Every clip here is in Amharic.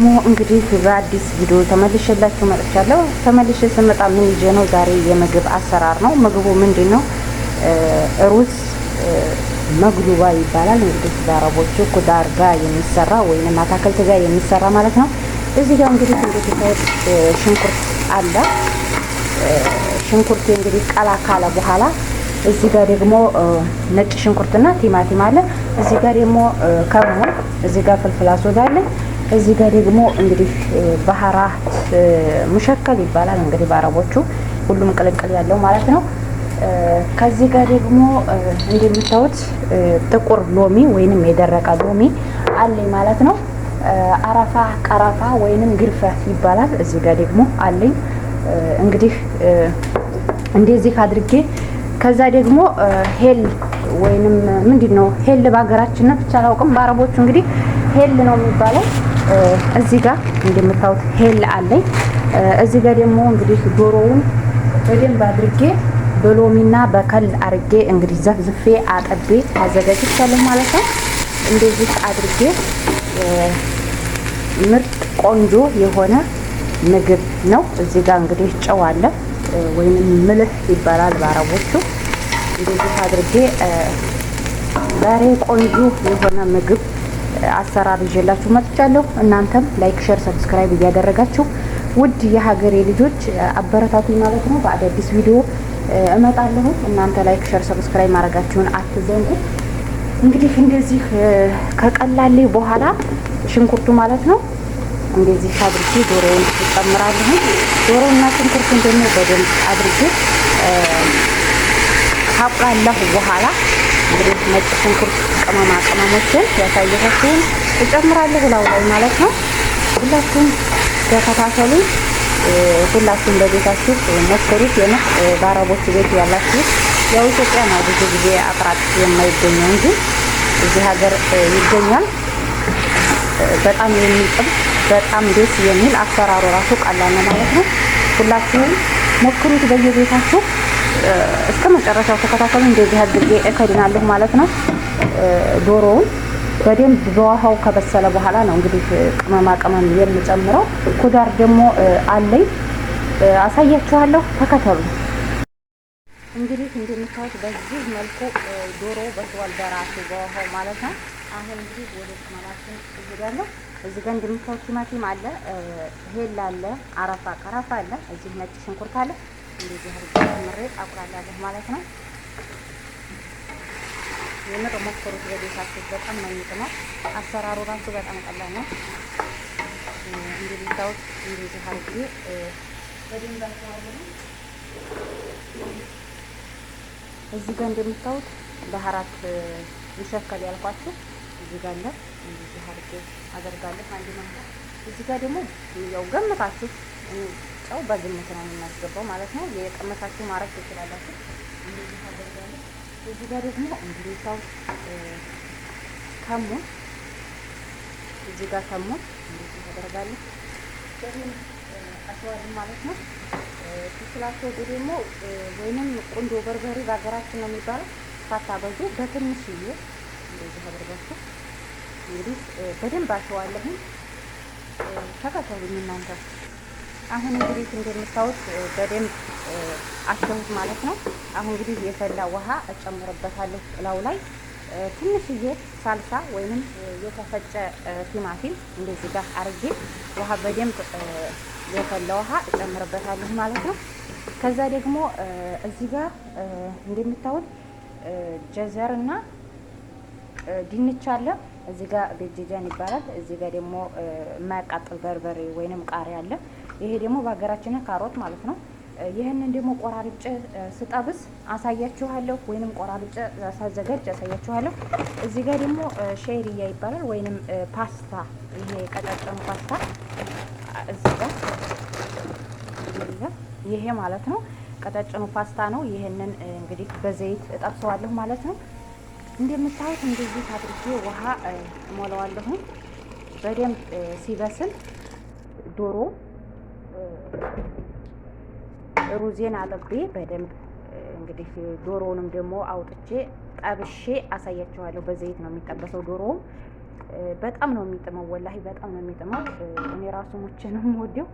ደግሞ እንግዲህ በአዲስ ቪዲዮ ተመልሼላችሁ መጥቻለሁ። ተመልሼ ስመጣ ምን ይዤ ነው? ዛሬ የምግብ አሰራር ነው። ምግቡ ምንድን ነው? ሩዝ መግሉባ ይባላል። እንግዲህ በአረቦቹ ኩዳር ጋር የሚሰራ ወይም አታክልት ጋር የሚሰራ ማለት ነው። እዚህ ጋር እንግዲህ እንደምታዩት ሽንኩርት አለ። ሽንኩርት እንግዲህ ቀላ ካለ በኋላ እዚህ ጋር ደግሞ ነጭ ሽንኩርትና ቲማቲም አለ። እዚህ ጋር ደግሞ ከርሞ፣ እዚህ ጋር ፍልፍል አስወዳለን እዚህ ጋር ደግሞ እንግዲህ ባህራት ሙሸከል ይባላል እንግዲህ በአረቦቹ ሁሉም ቅልቅል ያለው ማለት ነው። ከዚህ ጋር ደግሞ እንደምታዩት ጥቁር ሎሚ ወይንም የደረቀ ሎሚ አለኝ ማለት ነው። አረፋ ቀረፋ ወይንም ግርፈ ይባላል። እዚህ ጋር ደግሞ አለኝ እንግዲህ እንደዚህ አድርጌ ከዛ ደግሞ ሄል ወይንም ምንድን ነው ሄል በሀገራችን ብቻ አላውቅም። በአረቦቹ እንግዲህ ሄል ነው የሚባለው። እዚህ ጋር እንደምታዩት ሄል አለኝ። እዚህ ጋር ደግሞ እንግዲህ ዶሮውን በደንብ አድርጌ በሎሚና በከል አድርጌ እንግዲህ ዘፍዝፌ አጠቤ አዘጋጅቻለሁ ማለት ነው። እንደዚህ አድርጌ ምርጥ ቆንጆ የሆነ ምግብ ነው። እዚህ ጋር እንግዲህ ጨው አለ ወይንም ምልህ ይባላል በአረቦቹ። እንደዚህ አድርጌ ዛሬ ቆንጆ የሆነ ምግብ አሰራር ይዤላችሁ መጥቻለሁ። እናንተም ላይክ፣ ሼር፣ ሰብስክራይብ እያደረጋችሁ ውድ የሀገሬ ልጆች አበረታቱ ማለት ነው። በአዳዲስ ቪዲዮ እመጣለሁ። እናንተ ላይክ፣ ሼር፣ ሰብስክራይብ ማድረጋችሁን አትዘንጉ። እንግዲህ እንደዚህ ከቀላሌ በኋላ ሽንኩርቱ ማለት ነው እንደዚህ አድርጌ ዶሮውን እጨምራለሁ። ዶሮና ሽንኩርቱን ደግሞ በደንብ አድርጌ ካቁላለሁ በኋላ እንግዲህ ነጭ ሽንኩርት ቅመማ ቅመሞችን ያሳየኋችሁን እጨምራለሁ ብላው ላይ ማለት ነው። ሁላችሁም ተከታተሉ። ሁላችሁም በቤታችሁ ሞክሩት። የምር በአረቦች ቤት ያላችሁ ያው ኢትዮጵያ ነው ብዙ ጊዜ አቅራጥ የማይገኘው እንጂ እዚህ ሀገር ይገኛል። በጣም የሚጥም በጣም ደስ የሚል አሰራሩ ራሱ ቀላል ነው ማለት ነው። ሁላችሁም ሞክሩት በየቤታችሁ እስከ መጨረሻው ተከታተሉ። እንደዚህ አድርጌ እከድናለሁ ማለት ነው። ዶሮውን በደንብ በውሃው ከበሰለ በኋላ ነው እንግዲህ ቅመማ ቅመም የምጨምረው። ኩዳር ደግሞ አለኝ አሳያችኋለሁ። ተከተሉ። እንግዲህ እንደምታዩት በዚህ መልኩ ዶሮ በስዋል በራሱ በውሃው ማለት ነው። አሁን እንግዲህ ወደ ቅመማችን እሄዳለሁ። እዚህ ጋር እንደምታዩት ቲማቲም አለ፣ ሄል አለ፣ አረፋ ቀረፋ አለ፣ እዚህ ነጭ ሽንኩርት አለ እንደዚህ አድርጌ ጨምሬ አቁላላለሁ ማለት ነው። የምር ሞክሩት በቤታችሁ፣ በጣም ነው የሚጥመው። አሰራሩ ራሱ በጣም ቀላል ነው። እንደሚታወቅ እንደዚህ አድርጌ እዚህ ጋር እንደምታዩት ባህራት ይሸከል ያልኳችሁ እዚህ ጋር ነው። እንደዚህ አድርጌ አደርጋለሁ አንድ ነው። እዚህ ጋር ደግሞ ያው ገምታችሁ ጨው በግምት ነው የሚያስገባው ማለት ነው። የቀመሳችሁ ማረግ ትችላላችሁ። እዚህ ጋር ደግሞ እንግዲህ ሰው ከሙን እዚህ ጋር ከሙን እንደዚህ ታደርጋለች። ይህም አስዋድ ማለት ነው። ትችላቸው ደግሞ ወይንም ቁንዶ በርበሬ በሀገራችን ነው የሚባለው። ሳታበዙ በትንሽ በትንሽዬ እንደዚህ አድርጋችሁ እንግዲህ በደንብ አሸዋለሁኝ። ተከተሉኝ እናንተ አሁን እንግዲህ እንደምታዩት በደንብ አሸሁት ማለት ነው። አሁን እንግዲህ የፈላ ውሃ እጨምርበታለሁ ጥላው ላይ ትንሽዬ ሳልሳ ወይንም የተፈጨ ቲማቲም እንደዚህ ጋር አርጌ ውሃ በደንብ የፈላ ውሃ እጨምርበታለሁ ማለት ነው። ከዛ ደግሞ እዚህ ጋር እንደምታዩት ጀዘር እና ድንች አለ። እዚህ ጋር ቤጀጃን ይባላል። እዚህ ጋር ደግሞ የማያቃጥል በርበሬ ወይንም ቃሪያ አለ። ይሄ ደግሞ በሀገራችን ካሮት ማለት ነው። ይህንን ደግሞ ቆራርጬ ስጠብስ አሳያችኋለሁ፣ ወይንም ቆራርጬ ሳዘጋጅ አሳያችኋለሁ። እዚህ ጋር ደግሞ ሼሪያ ይባላል ወይንም ፓስታ፣ ይሄ ቀጫጨኑ ፓስታ እዚህ ጋር ይሄ ማለት ነው። ቀጫጭኑ ፓስታ ነው። ይህንን እንግዲህ በዘይት እጠብሰዋለሁ ማለት ነው። እንደምታዩት እንደዚህ አድርጌ ውሃ ሞላዋለሁ። በደንብ ሲበስል ዶሮ ሩዜን አጥቤ በደንብ እንግዲህ ዶሮውንም ደግሞ አውጥቼ ጠብሼ አሳያችኋለሁ። በዘይት ነው የሚጠበሰው ዶሮ። በጣም ነው የሚጥመው፣ ወላሂ በጣም ነው የሚጥመው። እኔ ራሱ ሙቼ ነው የምወደው።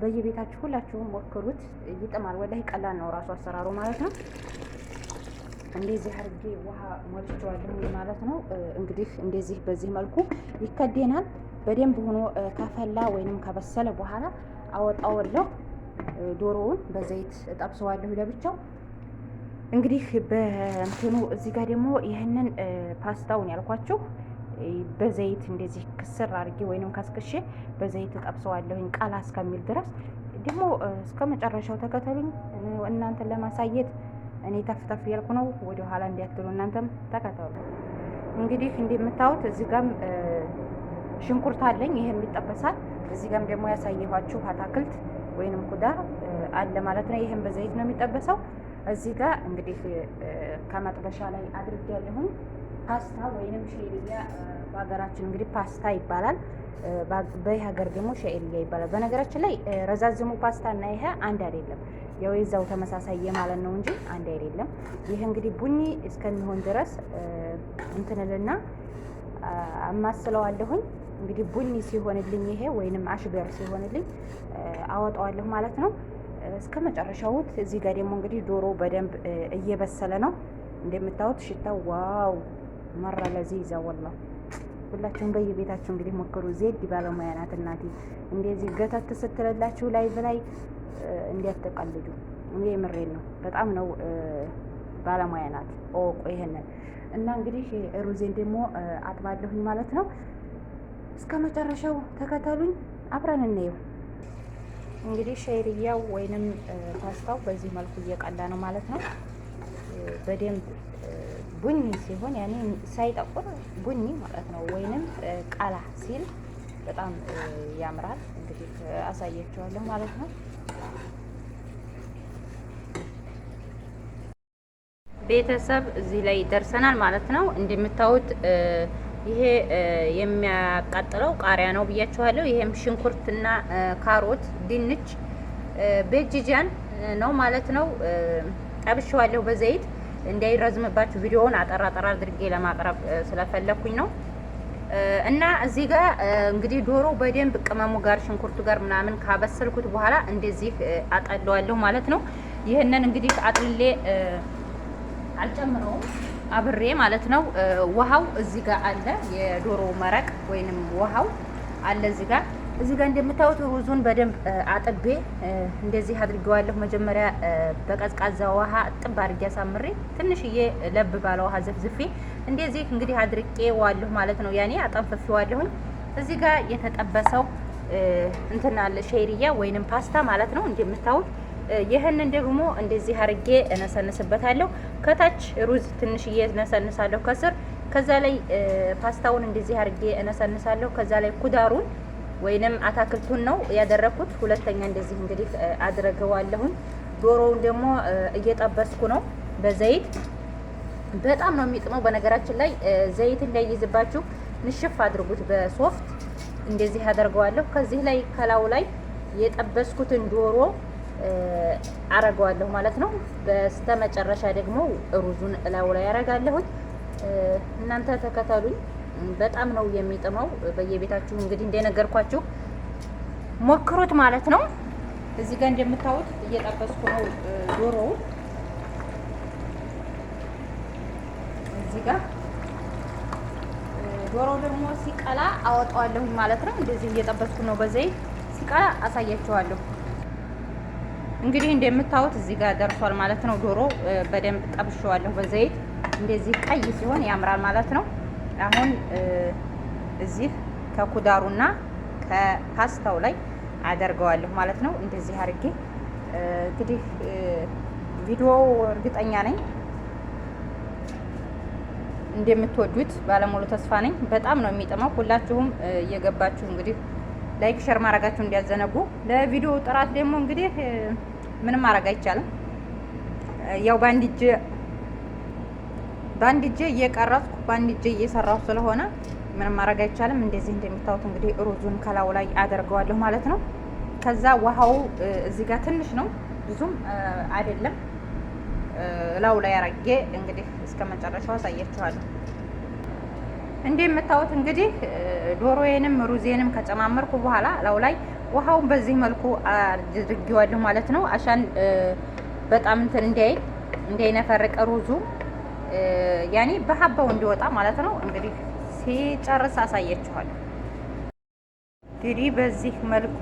በየቤታችሁ ሁላችሁም ሞክሩት፣ ይጥማል። ወላሂ ቀላል ነው ራሱ አሰራሩ ማለት ነው። እንደዚህ አድርጌ ውሃ ሞልቼዋለሁ ማለት ነው። እንግዲህ እንደዚህ በዚህ መልኩ ይከደናል። በደንብ ሆኖ ከፈላ ወይንም ከበሰለ በኋላ አወጣዋለሁ። ዶሮውን በዘይት እጠብሰዋለሁ ለብቻው። እንግዲህ በእንትኑ እዚህ ጋር ደግሞ ይህንን ፓስታውን ያልኳችሁ በዘይት እንደዚህ ክስር አድርጌ ወይንም ከስክሼ በዘይት እጠብሰዋለሁኝ ቃላ እስከሚል ድረስ ደግሞ እስከ መጨረሻው ተከተሉኝ። እናንተን ለማሳየት እኔ ተፍተፍ ያልኩ ነው፣ ወደ ኋላ እንዲያትሉ እናንተም ተከተሉ። እንግዲህ እንደምታዩት እዚህ ጋም ሽንኩርት አለኝ፣ ይሄም ይጠበሳል። እዚህ ጋም ደግሞ ያሳየኋችሁ አታክልት ወይንም ኩዳር አለ ማለት ነው። ይሄም በዘይት ነው የሚጠበሰው። እዚህ ጋር እንግዲህ ከመጥበሻ ላይ አድርጌ ፓስታ ወይንም ሼልያ በሀገራችን እንግዲህ ፓስታ ይባላል። በዚህ ሀገር ደግሞ ሸኤልያ ይባላል። በነገራችን ላይ ረዛዝሙ ፓስታ እና ይሄ አንድ አይደለም። ያው የዛው ተመሳሳይ የማለት ነው እንጂ አንድ አይደለም። ይህ እንግዲህ ቡኒ እስከሚሆን ድረስ እንትንልና አማስለዋለሁኝ። እንግዲህ ቡኒ ሲሆንልኝ ይሄ ወይንም አሽገር ሲሆንልኝ አወጣዋለሁ ማለት ነው። እስከ መጨረሻውት እዚህ ጋር ደግሞ እንግዲህ ዶሮ በደንብ እየበሰለ ነው እንደምታዩት። ሽታው ዋው መራ ለዚህ ይዛወላ ሁላችሁም በየቤታችሁ እንግዲህ ሞክሩ። ዜድ ባለሙያ ናት እናቴ። እንደዚህ ገተት ስትለላችሁ ላይ በላይ እንዲያተቀልዱ እኔ የምሬን ነው። በጣም ነው ባለሙያ ናት። ኦቆ ይሄንን እና እንግዲህ ሩዜን ደግሞ አጥባለሁኝ ማለት ነው። እስከ መጨረሻው ተከተሉኝ፣ አብረን እንየው። እንግዲህ ሸይርያው ወይንም ፓስታው በዚህ መልኩ እየቀላ ነው ማለት ነው። በደንብ ቡኒ ሲሆን ያኔ ሳይጠቁር ቡኒ ማለት ነው፣ ወይንም ቀላ ሲል በጣም ያምራል። እንግዲህ አሳያችኋለሁ ማለት ነው። ቤተሰብ እዚህ ላይ ደርሰናል ማለት ነው እንደምታዩት ይሄ የሚያቃጥለው ቃሪያ ነው ብያችኋለሁ። ይሄም ሽንኩርትና ካሮት፣ ድንች፣ ቤጅጃን ነው ማለት ነው። ጠብሸዋለሁ በዘይት እንዳይረዝምባችሁ ቪዲዮውን አጠር አጠር አድርጌ ለማቅረብ ስለፈለኩኝ ነው። እና እዚህ ጋር እንግዲህ ዶሮ በደንብ ቅመሙ ጋር ሽንኩርቱ ጋር ምናምን ካበሰልኩት በኋላ እንደዚህ አጠለዋለሁ ማለት ነው። ይህንን እንግዲህ አጥልሌ አልጨምረውም አብሬ ማለት ነው። ውሃው እዚህ ጋር አለ፣ የዶሮ መረቅ ወይንም ውሃው አለ እዚህ ጋር። እዚህ ጋር እንደምታዩት ሩዙን በደንብ አጥቤ እንደዚህ አድርጌዋለሁ። መጀመሪያ በቀዝቃዛ ውሃ ጥብ አድርጌ አሳምሬ ትንሽዬ ለብ ባለ ውሃ ዘፍዝፌ እንደዚህ እንግዲህ አድርቄዋለሁ ማለት ነው። ያኔ አጠንፍፌዋለሁኝ። እዚህ ጋር የተጠበሰው እንትና አለ ሼሪያ ወይንም ፓስታ ማለት ነው እንደምታዩት። ይህንን ደግሞ እንደዚህ አድርጌ እነሰንስበታለሁ። ከታች ሩዝ ትንሽዬ እነሰንሳለሁ ከስር ከዛ ላይ ፓስታውን እንደዚህ አድርጌ እነሰንሳለሁ። ከዛ ላይ ኩዳሩን ወይንም አታክልቱን ነው ያደረኩት። ሁለተኛ እንደዚህ እንግዲህ አድርገዋለሁኝ። ዶሮውን ደግሞ እየጠበስኩ ነው በዘይት በጣም ነው የሚጥመው። በነገራችን ላይ ዘይት እንዳይይዝባችሁ ንሽፍ አድርጉት በሶፍት እንደዚህ አደርገዋለሁ። ከዚህ ላይ ከላዩ ላይ የጠበስኩትን ዶሮ አረገዋለሁ ማለት ነው። በስተመጨረሻ ደግሞ ሩዙን እላው ላይ እናንተ ተከተሉኝ። በጣም ነው የሚጥመው። በየቤታችሁ እንግዲህ እንደነገርኳችሁ ሞክሩት ማለት ነው። እዚህ ጋር እንደምታዩት እየጠበስኩ ነው ዶሮው። እዚህ ጋር ዶሮው ደግሞ ሲቀላ አወጣዋለሁኝ ማለት ነው። እንደዚህ እየጠበስኩ ነው በዘይት ሲቀላ አሳያችኋለሁ። እንግዲህ እንደምታዩት እዚህ ጋር ደርሷል ማለት ነው። ዶሮ በደንብ ጠብሸዋለሁ በዘይት እንደዚህ ቀይ ሲሆን ያምራል ማለት ነው። አሁን እዚህ ከኩዳሩና ከፓስታው ላይ አደርገዋለሁ ማለት ነው። እንደዚህ አድርጌ እንግዲህ ቪዲዮ እርግጠኛ ነኝ እንደምትወዱት ባለሙሉ ተስፋ ነኝ። በጣም ነው የሚጥመው። ሁላችሁም እየገባችሁ እንግዲህ ላይክ ሸር ማድረጋችሁ እንዲያዘነጉ ለቪዲዮ ጥራት ደግሞ እንግዲህ ምንም ማድረግ አይቻልም። ያው በአንድ እጄ በአንድ እጄ እየቀረጽኩ በአንድ እጄ እየሰራሁ ስለሆነ ምንም ማድረግ አይቻልም። እንደዚህ እንደምታዩት እንግዲህ ሩዙን ከላው ላይ አደርገዋለሁ ማለት ነው። ከዛ ውሃው እዚህ ጋር ትንሽ ነው፣ ብዙም አይደለም። ላው ላይ አረጌ እንግዲህ እስከ መጨረሻው አሳያችኋለሁ። እንደምታዩት እንግዲህ ዶሮዬንም ሩዜንም ከጨማመርኩ በኋላ ላው ላይ ውሃውን በዚህ መልኩ አድርጌዋለሁ ማለት ነው። አሻን በጣም እንትን እንዳይ እንዳይነፈርቅ ሩዙ ያኔ በሀባው እንዲወጣ ማለት ነው። እንግዲህ ሲጨርስ አሳያችኋለሁ። እንግዲህ በዚህ መልኩ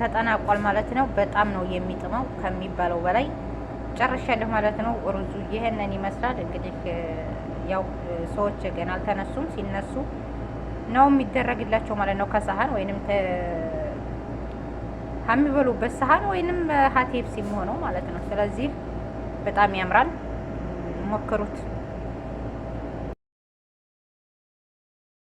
ተጠናቋል ማለት ነው። በጣም ነው የሚጥመው ከሚባለው በላይ ጨርሻለሁ ማለት ነው። ሩዙ ይህንን ይመስላል። እንግዲህ ያው ሰዎች ገና አልተነሱም። ሲነሱ ነው የሚደረግላቸው ማለት ነው ከሳህን ወይንም ከሚበሉበት ሰሀን ወይንም ሀቴፕስ የሚሆነው ማለት ነው። ስለዚህ በጣም ያምራል፣ ሞክሩት።